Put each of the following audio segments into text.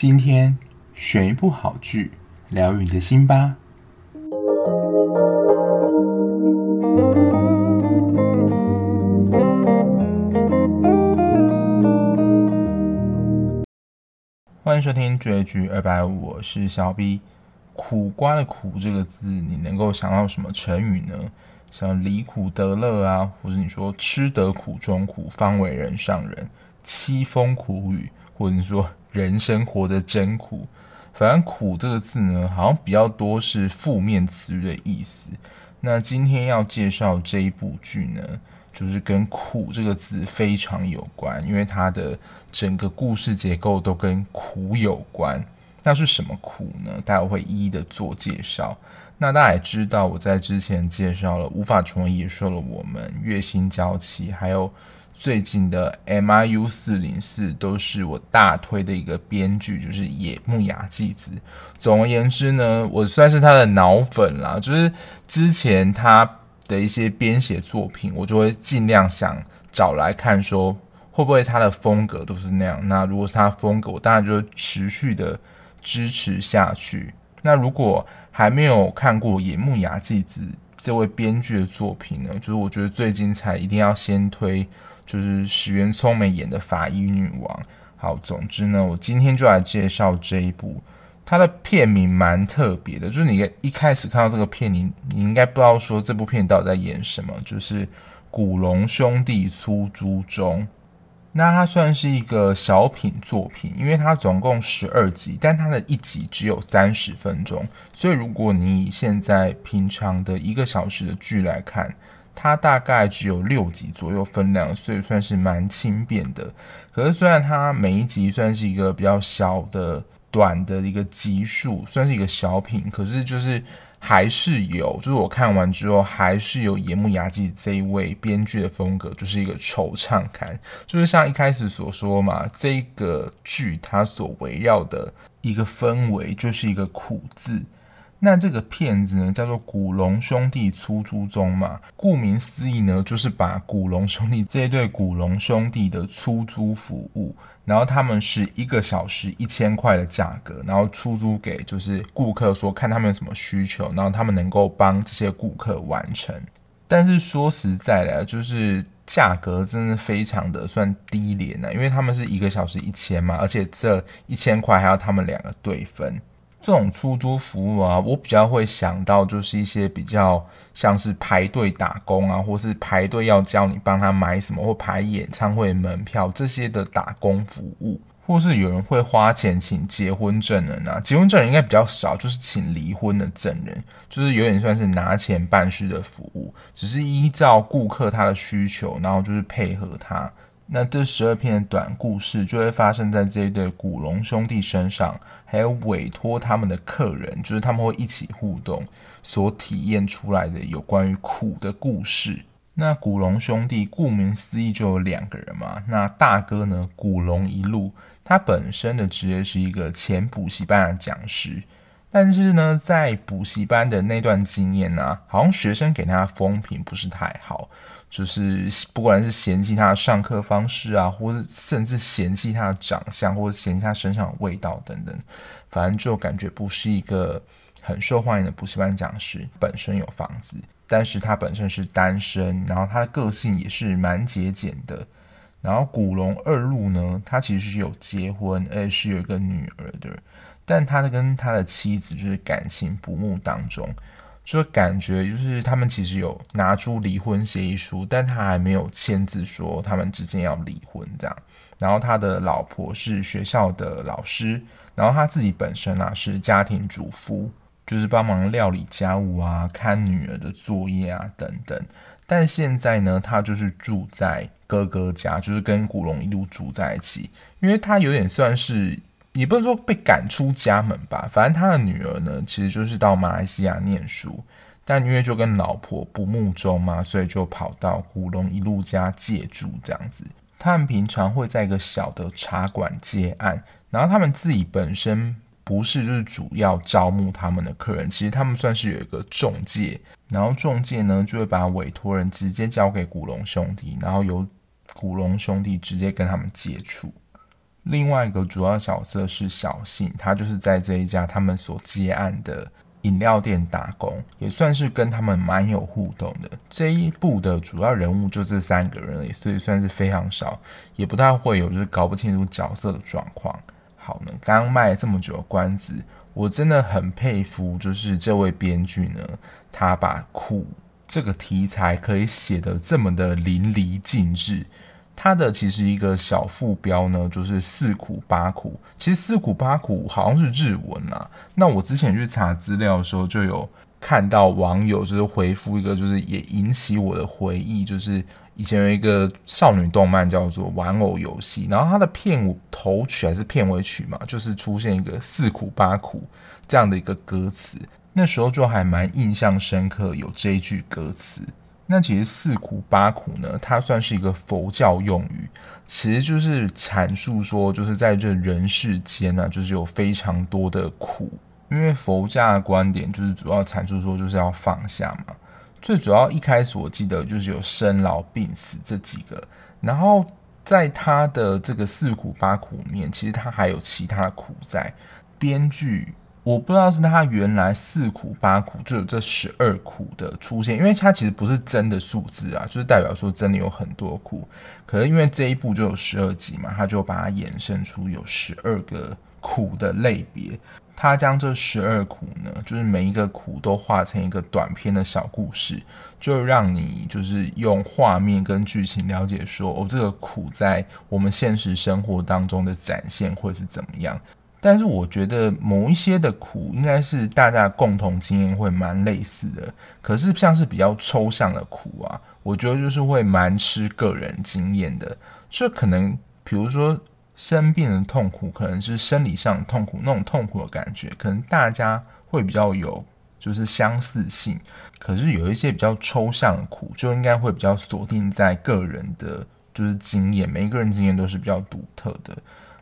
今天選一部好劇，聊你的心吧。歡迎收聽追劇二百五，我是小 B。苦瓜的“苦”這個字，你能夠想到什麼成語呢？像“離苦得樂”啊，或者你說“吃得苦中苦，方為人上人”、“淒風苦雨”，或者說。人生活得真苦，反正“苦”這個字呢，好像比較多是負面詞語的意思。那今天要介紹這一部劇呢，就是跟“苦”這個字非常有關，因為它的整個故事結構都跟“苦”有關。那是什麼苦呢？大家會一一的做介紹。那大家也知道，我在之前介紹了《無法成為野獸》，也說了我們《月薪嬌妻》，還有。最近的 M I U 四零四都是我大推的一個編劇，就是野木雅紀子。總而言之呢，我算是他的腦粉啦。就是之前他的一些編寫作品，我就會盡量想找來看，說會不會他的風格都是那樣。那如果是他風格，我當然就會持續的支持下去。那如果還沒有看過野木雅紀子這位編劇的作品呢，就是我覺得最精彩，一定要先推。就是石原聰美演的《法醫女王》。好，總之呢，我今天就來介紹這一部。它的片名蠻特別的，就是你一開始看到這個片你你應該不知道說這部片到底在演什麼，就是《古瀧兄弟出租中》。那它算是一個小品作品，因為它總共十二集，但它的一集只有三十分鐘，所以如果你以現在平常的一個小時的劇來看，它大概只有六集左右分量，所以算是蠻輕便的。可是雖然它每一集算是一個比較小的、短的一個集數，算是一個小品，可是就是還是有，就是我看完之後還是有野木雅紀這一位編劇的風格，就是一個惆悵感。就是像一開始所說嘛，這個劇它所圍繞的一個氛圍就是一個苦字。那這個片子呢，叫做“古瀧兄弟出租中”嘛。顧名思義呢，就是把古瀧兄弟這一對古瀧兄弟的出租服務，然後他們是一個小時一千塊的價格，然後出租給就是顧客，說看他們有什麼需求，然後他們能夠幫這些顧客完成。但是說實在的，就是價格真的非常的算低廉呢、啊，因為他們是一個小時一千嘛，而且這一千塊還要他們兩個對分。這種出租服務啊，我比較會想到就是一些比較像是排隊打工啊，或是排隊要叫你幫他買什麼，或排演唱會門票這些的打工服務，或是有人會花錢請結婚證人啊，結婚證人應該比較少，就是請離婚的證人，就是有點算是拿錢辦事的服務，只是依照顧客他的需求，然後就是配合他。那這十二篇短故事就會發生在這一對古瀧兄弟身上，還有委托他們的客人，就是他們會一起互動，所體驗出來的有關於苦的故事。那古瀧兄弟顧名思義就有兩個人嘛，那大哥呢，古瀧一路，他本身的職業是一個前補習班的講師，但是呢，在補習班的那段經驗啊，好像學生給他的風評不是太好。就是不管是嫌棄他的上課方式啊，或者甚至嫌棄他的長相，或者嫌棄他身上的味道等等，反正就感覺不是一個很受歡迎的補習班講師。本身有房子，但是他本身是單身，然後他的個性也是蠻節儉的。然後古瀧二路呢，他其實是有結婚，而且是有一個女兒的，但他的跟他的妻子就是感情不睦當中。就感覺就是他們其實有拿出離婚協議書，但他還沒有簽字，說他們之間要離婚這樣。然後他的老婆是學校的老師，然後他自己本身啊是家庭主婦，就是幫忙料理家務啊、看女兒的作業啊等等。但現在呢，他就是住在哥哥家，就是跟古瀧一路住在一起，因為他有點算是。也不能說被趕出家門吧，反正他的女兒呢，其實就是到馬來西亞念書，但因為就跟老婆不睦中嘛，所以就跑到古瀧一路家借住這樣子。他們平常會在一個小的茶館接案，然後他們自己本身不是就是主要招募他們的客人，其實他們算是有一個中介，然後中介呢就會把委託人直接交給古瀧兄弟，然後由古瀧兄弟直接跟他們接觸。另外一個主要角色是小信，他就是在這一家他們所接案的飲料店打工，也算是跟他們蠻有互動的。這一部的主要人物就這三個人而已，所以算是非常少，也不太會有就是搞不清楚角色的狀況。好呢，剛賣這麼久的關子，我真的很佩服，就是這位編劇呢，他把苦這個題材可以寫得這麼的淋漓盡致。它的其實一個小副標呢，就是四苦八苦。其實四苦八苦好像是日文啦、啊。那我之前去查資料的時候，就有看到網友就是回復一個，就是也引起我的回憶，就是以前有一個少女動漫叫做《玩偶遊戲》，然後它的片頭曲還是片尾曲嘛，就是出現一個四苦八苦這樣的一個歌詞，那時候就還蠻印象深刻，有這一句歌詞。那其實四苦八苦呢，它算是一個佛教用語，其實就是闡述說，就是在這人世間呢、啊，就是有非常多的苦。因為佛教的觀點就是主要闡述說就是要放下嘛。最主要一開始我記得就是有生老病死這幾個，然後在他的這個四苦八苦面，其實他還有其他苦在。編劇。我不知道是他原來四苦八苦就有這十二苦的出現，因為它其實不是真的數字啊，就是代表說真的有很多苦。可是因為這一部就有十二集嘛，他就把它衍生出有十二個苦的類別。他將這十二苦呢，就是每一個苦都畫成一個短篇的小故事，就讓你就是用畫面跟劇情了解說，哦，這個苦在我們現實生活當中的展現會是怎麼樣。但是我覺得某一些的苦應該是大家共同經驗會蠻類似的，可是像是比較抽象的苦啊，我覺得就是會蠻吃個人經驗的。所以可能比如說生病的痛苦，可能是生理上的痛苦，那種痛苦的感覺，可能大家會比較有就是相似性。可是有一些比較抽象的苦，就應該會比較鎖定在個人的，就是經驗，每一個人經驗都是比較獨特的。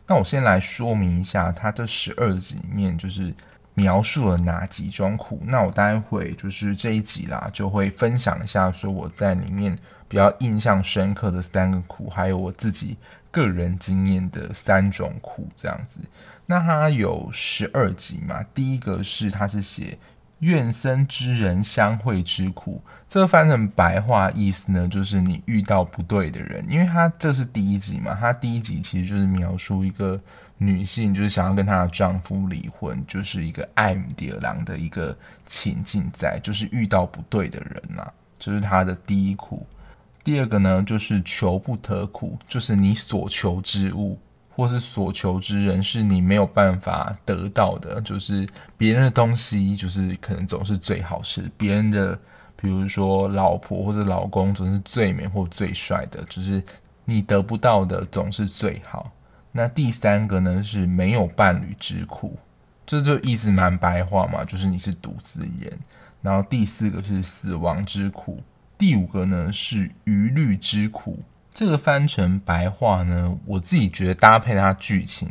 那我先來說明一下，他這十二集裡面就是描述了哪幾種苦。那我待會就是這一集啦，就會分享一下說我在裡面比較印象深刻的三個苦，還有我自己個人經驗的三種苦這樣子。那它有十二集嘛？第一個是他是寫。怨憎之人相會之苦，這個翻成白話意思呢，就是你遇到不對的人。因為他這是第一集嘛，他第一集其實就是描述一個女性，就是想要跟她的丈夫離婚，就是一個愛母疊兒郎的一個情境在，就是遇到不對的人吶、啊，這，就是他的第一苦。第二個呢，就是求不得苦，就是你所求之物。或是所求之人是你沒有辦法得到的，就是別人的東西，就是可能總是最好，是別人的，比如說老婆或者老公總是最美或最帥的，就是你得不到的總是最好。那第三個呢是沒有伴侶之苦，這就意思蠻白話嘛，就是你是獨自一人。然後第四個是死亡之苦，第五個呢是愚慮之苦。這個翻成白話呢，我自己覺得搭配它劇情，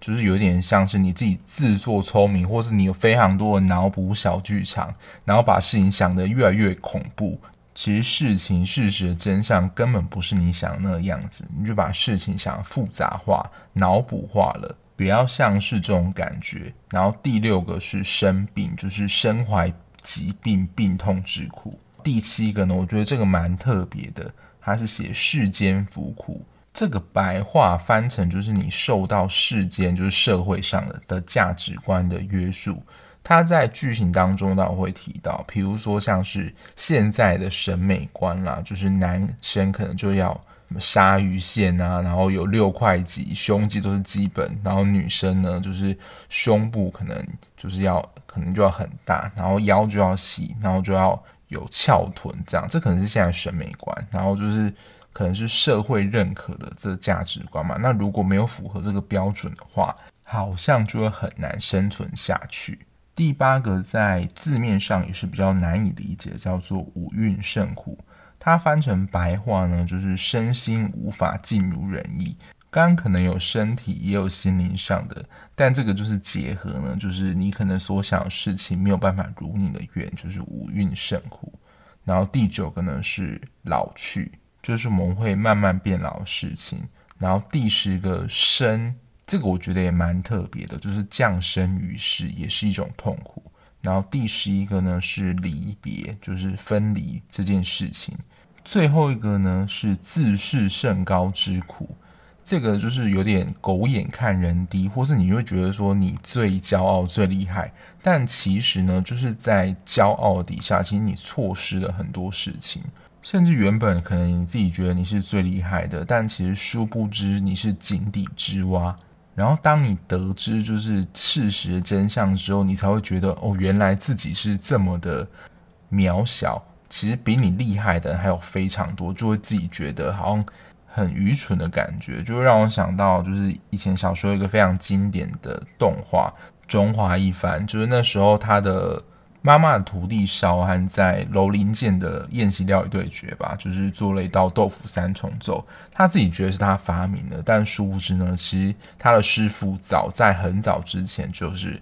就是有點像是你自己自作聰明，或是你有非常多的腦補小劇場，然後把事情想得越來越恐怖。其實事情事實的真相根本不是你想的那個樣子，你就把事情想複雜化、腦補化了，比較像是這種感覺。然後第六個是生病，就是身懷疾病、病痛之苦。第七個呢，我覺得這個蠻特別的。它是寫世間縛苦，這個白話翻成就是你受到世間就是社會上的的價值觀的約束。它在劇情當中倒會提到，比如說像是現在的審美觀啦，就是男生可能就要什麼鯊魚線啊，然後有六塊肌，胸肌都是基本；然後女生呢，就是胸部可能就是要，可能就要很大，然後腰就要細，然後就要。有翹臀這樣，這可能是現在審美觀，然後就是可能是社會認可的這價值觀嘛。那如果沒有符合這個標準的話，好像就會很難生存下去。第八個在字面上也是比較難以理解，叫做五蘊盛苦。它翻成白話呢，就是身心無法盡如人意。剛可能有身體，也有心靈上的，但這個就是結合呢，就是你可能所想的事情沒有辦法如你的願，就是五蘊盛苦。然後第九個呢是老去，就是我們會慢慢變老的事情。然後第十個生，這個我覺得也蠻特別的，就是降生於世也是一種痛苦。然後第十一個呢是離別，就是分離這件事情。最後一個呢是自視甚高之苦。這個就是有點狗眼看人低，或是你會覺得說你最驕傲、最厲害，但其實呢，就是在驕傲底下，其實你錯失了很多事情，甚至原本可能你自己覺得你是最厲害的，但其實殊不知你是井底之蛙。然後當你得知就是事實的真相之後，你才會覺得哦，原來自己是這麼的渺小。其實比你厲害的還有非常多，就會自己覺得好像。很愚蠢的感覺，就讓我想到，就是以前小時候一個非常經典的動畫《中華一番》，就是那時候他的媽媽的徒弟紹安在樓林劍的宴席料理對決吧，就是做了一道豆腐三重奏，他自己覺得是他發明的，但殊不知呢，其實他的師傅早在很早之前就是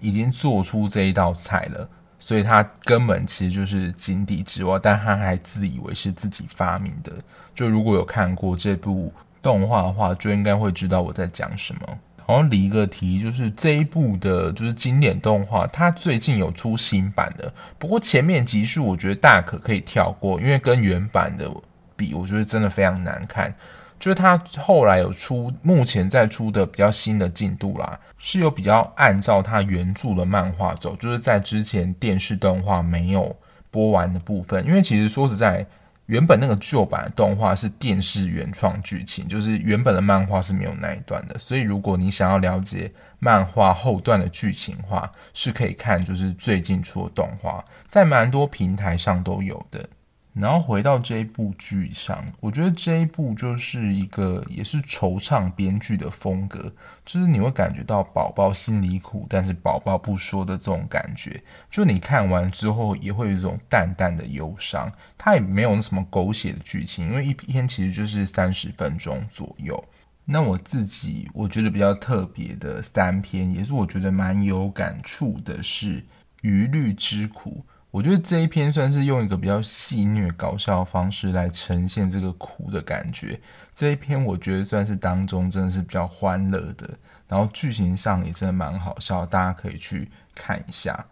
已經做出這一道菜了。所以他根本其實就是井底之蛙，但他還自以為是自己發明的。就如果有看過這部動畫的話，就應該會知道我在講什麼。然後離一個題就是這一部的，就是經典動畫，它最近有出新版的，不過前面集數我覺得大可可以跳過，因為跟原版的比，我覺得真的非常難看。就是他後來有出，目前在出的比較新的進度啦，是有比較按照他原著的漫畫走，就是在之前電視動畫沒有播完的部分。因為其實說實在，原本那個舊版的動畫是電視原創劇情，就是原本的漫畫是沒有那一段的。所以如果你想要了解漫畫後段的劇情的話，是可以看就是最近出的動畫，在蠻多平台上都有的。然後回到這一部劇上，我覺得這一部就是一個也是惆悵編劇的風格，就是你會感覺到寶寶心裡苦，但是寶寶不說的這種感覺，就你看完之後也會有一種淡淡的憂傷。它也沒有那什麼狗血的劇情，因為一篇其實就是三十分鐘左右。那我自己我覺得比較特別的三篇，也是我覺得蠻有感觸的是《愚慮之苦》。我覺得這一篇算是用一個比較戲謔搞笑的方式來呈現這個苦的感覺。這一篇我覺得算是當中真的是比較歡樂的，然後劇情上也真的蠻好笑，大家可以去看一下。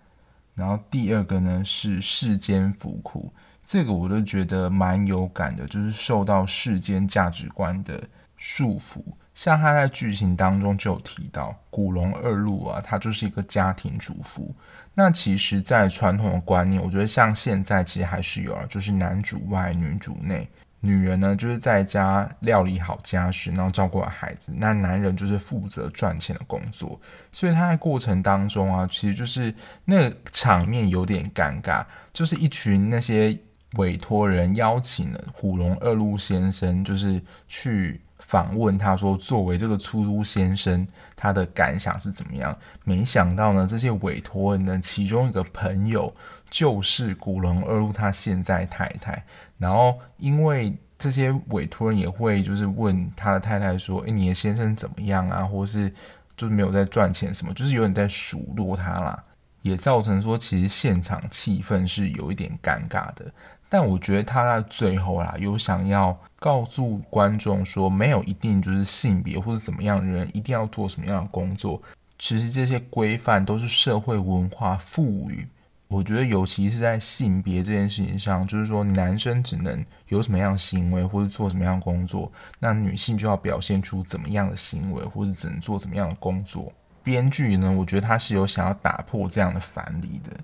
然後第二個呢是世間縛苦，這個我都覺得蠻有感的，就是受到世間價值觀的束縛。像他在劇情當中就有提到古瀧二路啊，他就是一個家庭主婦。那其實，在傳統的觀念，我覺得像現在其實還是有啊。就是男主外，女主內。女人呢，就是在家料理好家事，然後照顧好孩子。那男人就是負責賺錢的工作。所以他在過程當中啊，其實就是那個場面有點尷尬，就是一群那些委托人邀請了古瀧二路先生，就是去。訪問他說，作為這個出租先生，他的感想是怎麼樣？沒想到呢，這些委託人呢，其中一個朋友就是古瀧二郎他現在太太。然後，因為這些委託人也會就是問他的太太說：“誒，你的先生怎麼樣啊？或是就是沒有在賺錢什麼？就是有點在數落他啦，也造成說其實現場氣氛是有一點尷尬的。”但我覺得他在最後啊，有想要告訴觀眾說，沒有一定就是性別或者怎麼樣的人一定要做什麼樣的工作。其實這些規範都是社會文化賦予。我覺得，尤其是在性別這件事情上，就是說，男生只能有什麼樣的行為或者做什麼樣的工作，那女性就要表現出怎麼樣的行為或者只能做什麼樣的工作。編劇呢，我覺得他是有想要打破這樣的藩籬的。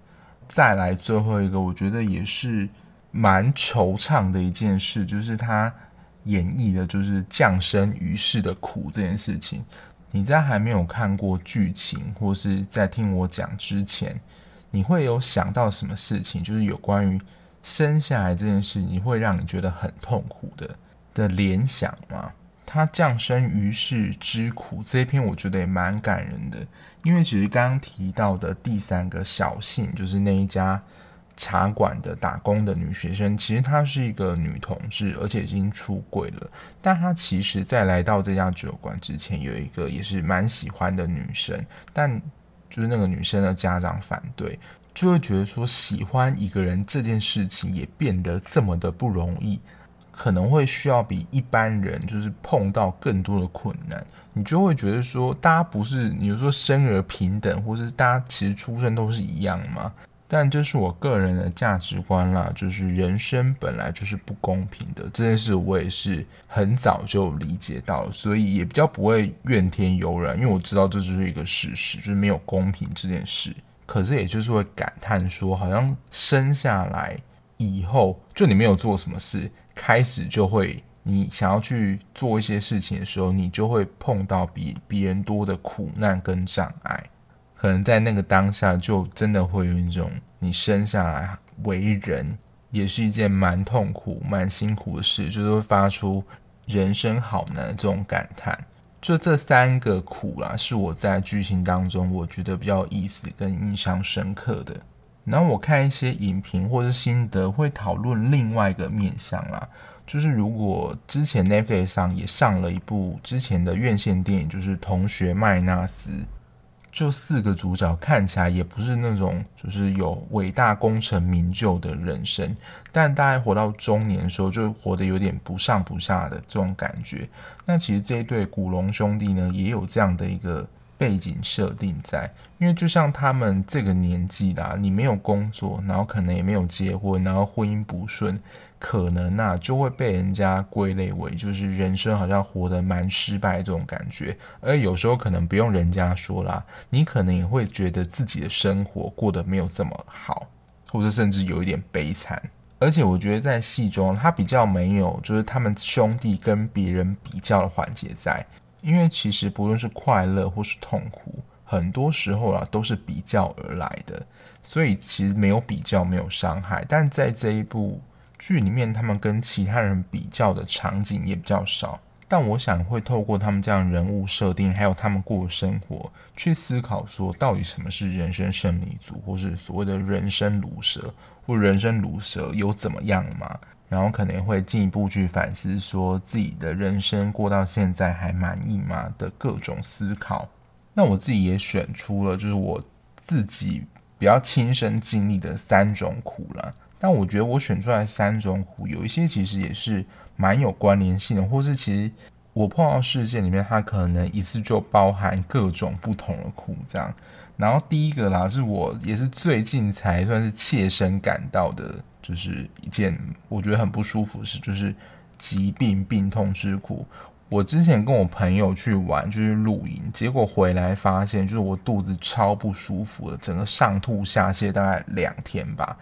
再來最後一個，我覺得也是。蠻惆悵的一件事，就是他演繹的，就是降生於世的苦這件事情。你在還沒有看過劇情，或是在聽我講之前，你會有想到什麼事情？就是有關於生下來這件事，你會讓你覺得很痛苦的的聯想嗎？他降生於世之苦，這一篇我覺得也蠻感人的，因為其實剛剛提到的第三個小信，就是那一家，茶館的打工的女學生，其實她是一個女同志，而且已經出櫃了。但她其實，在來到這家酒館之前，有一個也是蠻喜歡的女生，但就是那個女生的家長反對，就會覺得說，喜歡一個人這件事情也變得這麼的不容易，可能會需要比一般人就是碰到更多的困難。你就會覺得說，大家不是你是說生而平等，或是大家其實出身都是一樣嗎？但這是我個人的價值觀啦，就是人生本來就是不公平的這件事，我也是很早就理解到了，所以也比較不會怨天尤人，因為我知道這就是一個事實，就是沒有公平這件事。可是也就是會感嘆說，好像生下來以後，就你沒有做什麼事，開始就會你想要去做一些事情的時候，你就會碰到比別人多的苦難跟障礙。可能在那個當下，就真的會有一種你生下來為人也是一件蠻痛苦、蠻辛苦的事，就是會發出人生好難的這種感嘆。就這三個苦啦、啊，是我在劇情當中我覺得比較有意思、跟印象深刻的。然後我看一些影評或者心得，會討論另外一個面向啦、啊，就是如果之前 Netflix 上也上了一部之前的院線電影，就是《同學麥納斯》。就四個主角看起來也不是那種就是有偉大功成名就的人生，但大概活到中年的時候，就活得有點不上不下的這種感覺。那其實這一對古瀧兄弟呢，也有這樣的一個背景設定在。因為就像他們這個年紀啦，你沒有工作，然後可能也沒有結婚，然後婚姻不順，可能那、啊、就會被人家歸類為就是人生好像活得蠻失敗這種感覺。而有時候可能不用人家說啦，你可能也會覺得自己的生活過得沒有這麼好，或者甚至有一點悲慘。而且我覺得在戲中，他比較沒有就是他們兄弟跟別人比較的環節在，因為其實不論是快樂或是痛苦。很多時候啊，都是比較而來的，所以其實沒有比較沒有傷害。但在這一部劇裡面，他們跟其他人比較的場景也比較少。但我想會透過他們這樣的人物設定，還有他們過生活，去思考說到底什麼是人生勝利組，或是所謂的人生魯蛇，或人生魯蛇有怎麼樣嗎？然後可能會進一步去反思說自己的人生過到現在還滿意嗎？的各種思考。那我自己也選出了，就是我自己比較親身經歷的三種苦啦。但我覺得我選出來三種苦，有一些其實也是蠻有關聯性的，或是其實我碰到事件裡面，它可能一次就包含各種不同的苦。這樣，然後第一個啦，是我也是最近才算是切身感到的，就是一件我覺得很不舒服的事，就是疾病病痛之苦。我之前跟我朋友去玩，就是露營，結果回來發現，就是我肚子超不舒服的，整個上吐下瀉大概兩天吧。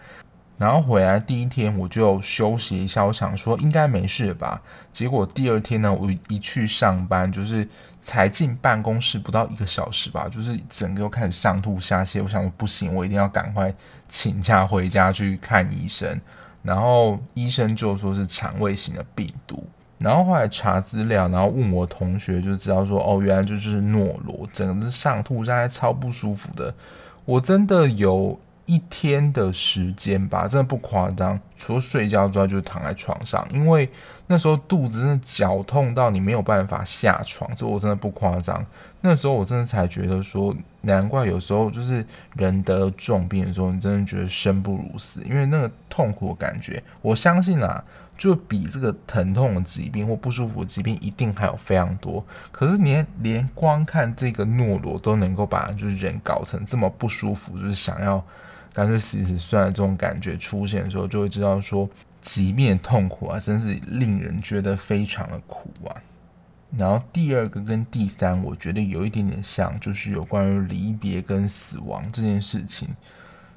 然後回來第一天我就休息一下，我想說應該沒事吧。結果第二天呢，我一，一去上班，就是才進辦公室不到一個小時吧，就是整個又開始上吐下瀉。我想說不行，我一定要趕快請假回家去看醫生。然後醫生就說是腸胃型的病毒。然後後來查資料，然後問我同學就知道說，哦，原來就是諾羅，整個是上吐下瀉，超不舒服的。我真的有一天的時間吧，真的不誇張，除了睡覺之外就是躺在床上，因為那時候肚子真的絞痛到你沒有辦法下床，這我真的不誇張。那時候我真的才覺得說。難怪有時候就是人得了重病的時候，你真的覺得生不如死，因為那個痛苦的感覺，我相信啊，就比這個疼痛的疾病或不舒服的疾病一定還有非常多。可是連連光看這個諾羅都能夠把就是人搞成這麼不舒服，就是想要乾脆死死算了這種感覺出現的時候，就會知道說疾病的痛苦啊，真是令人覺得非常的苦啊。然後第二個跟第三，我覺得有一點點像，就是有關於離別跟死亡這件事情。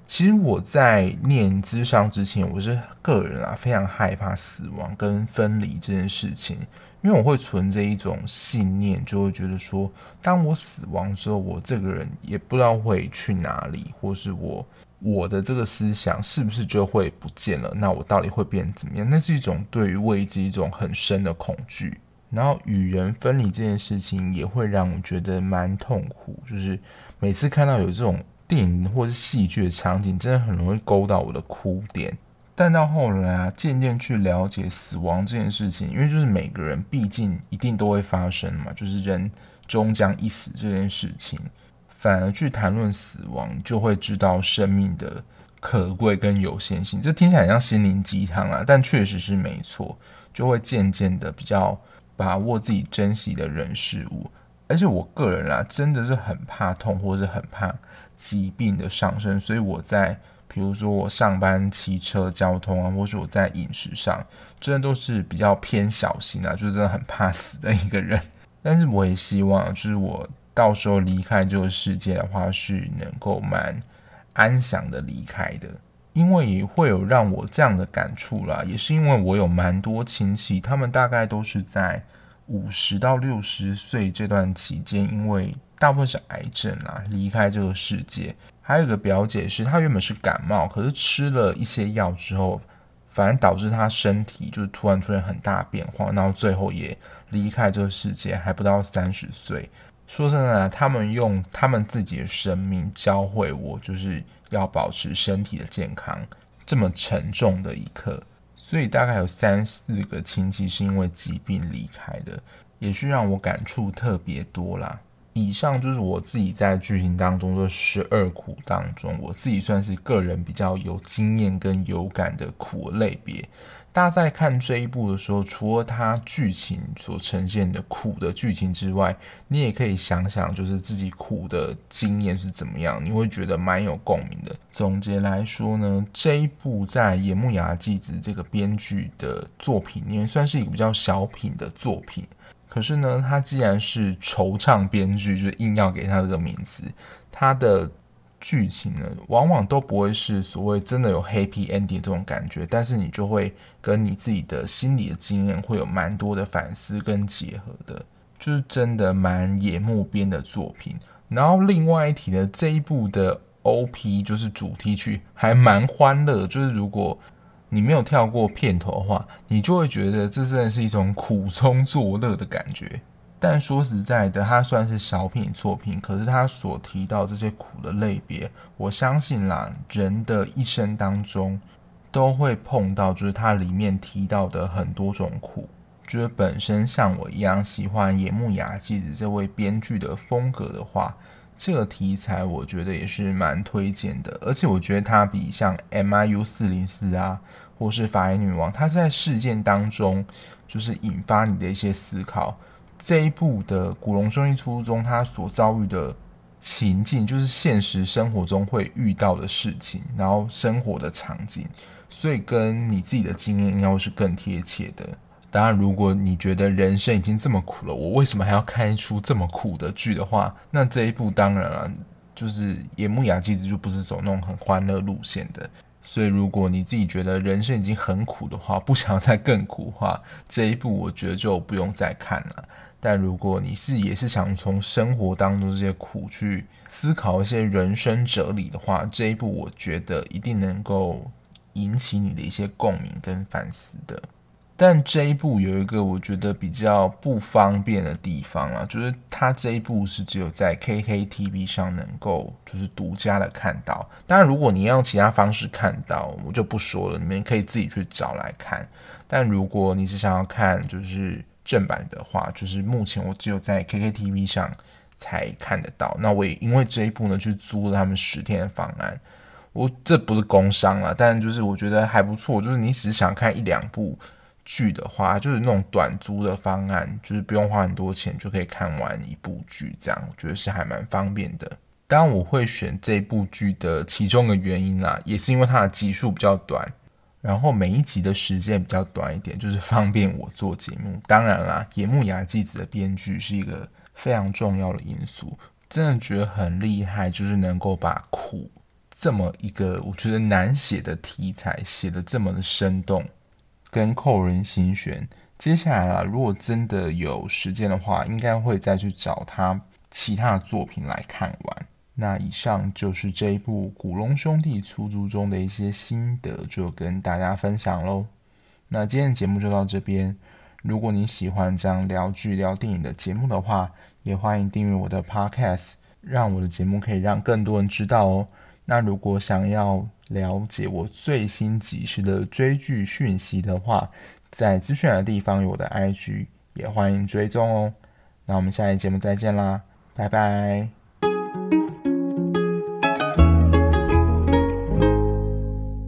其實我在念諮商之前，我是個人啊，非常害怕死亡跟分離這件事情，因為我會存着一種信念，就會覺得說，當我死亡之後，我這個人也不知道會去哪裡，或是我我的這個思想是不是就會不見了？那我到底會變怎麼樣？那是一種對於未知一種很深的恐懼。然後與人分離這件事情也會讓我覺得蠻痛苦，就是每次看到有這種電影或是戲劇的場景，真的很容易勾到我的哭點。但到後來啊，漸漸去了解死亡這件事情，因為就是每個人畢竟一定都會發生嘛，就是人終將一死這件事情，反而去談論死亡，就會知道生命的可貴跟有限性。這聽起來很像心靈雞湯啊，但確實是沒錯，就會漸漸的比較。把握自己珍惜的人事物，而且我個人啊，真的是很怕痛，或是很怕疾病的上升，所以我在，比如說我上班騎車交通啊，或是我在飲食上，真的都是比較偏小心啊，就真的很怕死的一個人。但是我也希望，就是我到時候離開這個世界的話，是能夠蠻安詳的離開的。因為也會有讓我這樣的感觸啦，也是因為我有蠻多親戚，他們大概都是在五十到六十歲這段期間，因為大部分是癌症啦，離開這個世界。還有一個表姐，是她原本是感冒，可是吃了一些藥之後，反而導致她身體就突然出現很大變化，然後最後也離開這個世界，還不到三十歲。說真的，他們用他們自己的生命教會我，就是。要保持身體的健康，這麼沉重的一刻，所以大概有三四個親戚是因為疾病離開的，也是讓我感觸特別多啦。以上就是我自己在劇情當中的十二苦當中，我自己算是個人比較有經驗跟有感的苦的類別。大家在看這一部的時候，除了它劇情所呈現的苦的劇情之外，你也可以想想，就是自己苦的經驗是怎麼樣，你會覺得蠻有共鳴的。總結來說呢，這一部在野木亞紀子這個編劇的作品裡面，算是一個比較小品的作品。可是呢，他既然是惆悵編劇，就是、硬要給他這個名字，他的。劇情呢，往往都不會是所謂真的有 happy ending 的這種感覺，但是你就會跟你自己的心理的經驗會有蠻多的反思跟結合的，就是真的蠻野木編的作品。然後另外一提的這一部的 OP 就是主題曲，還蠻歡樂，就是如果你沒有跳過片頭的話，你就會覺得這真的是一種苦中作樂的感覺。但說實在的，它算是小品作品，可是它所提到這些苦的類別，我相信啦，人的一生當中都會碰到，就是它裡面提到的很多種苦。就是本身像我一樣喜歡野木亞紀子這位編劇的風格的話，這個題材我覺得也是蠻推薦的。而且我覺得它比像 M I U 四零四啊，或是法醫女王，它在事件當中就是引發你的一些思考。這一部的《古瀧兄弟出租中》，他所遭遇的情境就是現實生活中會遇到的事情，然後生活的場景，所以跟你自己的經驗應該會是更貼切的。當然，如果你覺得人生已經這麼苦了，我為什麼還要看一出這麼苦的劇的話，那這一部當然了、啊，就是野木亞紀子就不是走那種很歡樂路線的。所以，如果你自己覺得人生已經很苦的話，不想再更苦的話，這一部我覺得就不用再看了。但如果你是也是想從生活當中這些苦去思考一些人生哲理的話，這一部我覺得一定能夠引起你的一些共鳴跟反思的。但這一部有一個我覺得比較不方便的地方啊，就是它這一部是只有在 KKTV 上能夠就是獨家的看到。當然，如果你要用其他方式看到，我就不說了，你們可以自己去找來看。但如果你是想要看，就是。正版的話，就是目前我只有在 KKTV 上才看得到。那我也因為這一部呢，去租了他們十天的方案。我這不是工商啦，但就是我覺得還不錯。就是你只是想看一兩部劇的話，就是那種短租的方案，就是不用花很多錢就可以看完一部劇，這樣我覺得是還蠻方便的。當然，我會選這部劇的其中一個原因啦，也是因為它的集數比較短。然後每一集的時間比較短一點，就是方便我做節目。當然啦，野木亞紀子的編劇是一個非常重要的因素，真的覺得很厲害，就是能夠把苦這麼一個我覺得難寫的題材，寫得這麼的生動跟扣人心弦。接下來啦，如果真的有時間的話，應該會再去找他其他的作品來看完。那以上就是這一部《古瀧兄弟出租中》中的一些心得，就跟大家分享嘍。那今天的節目就到這邊。如果你喜歡這樣聊劇聊電影的節目的話，也歡迎訂閱我的 Podcast，讓我的節目可以讓更多人知道哦。那如果想要了解我最新及時的追劇訊息的話，在資訊的地方有我的 IG，也歡迎追蹤哦。那我們下一期節目再見啦，拜拜。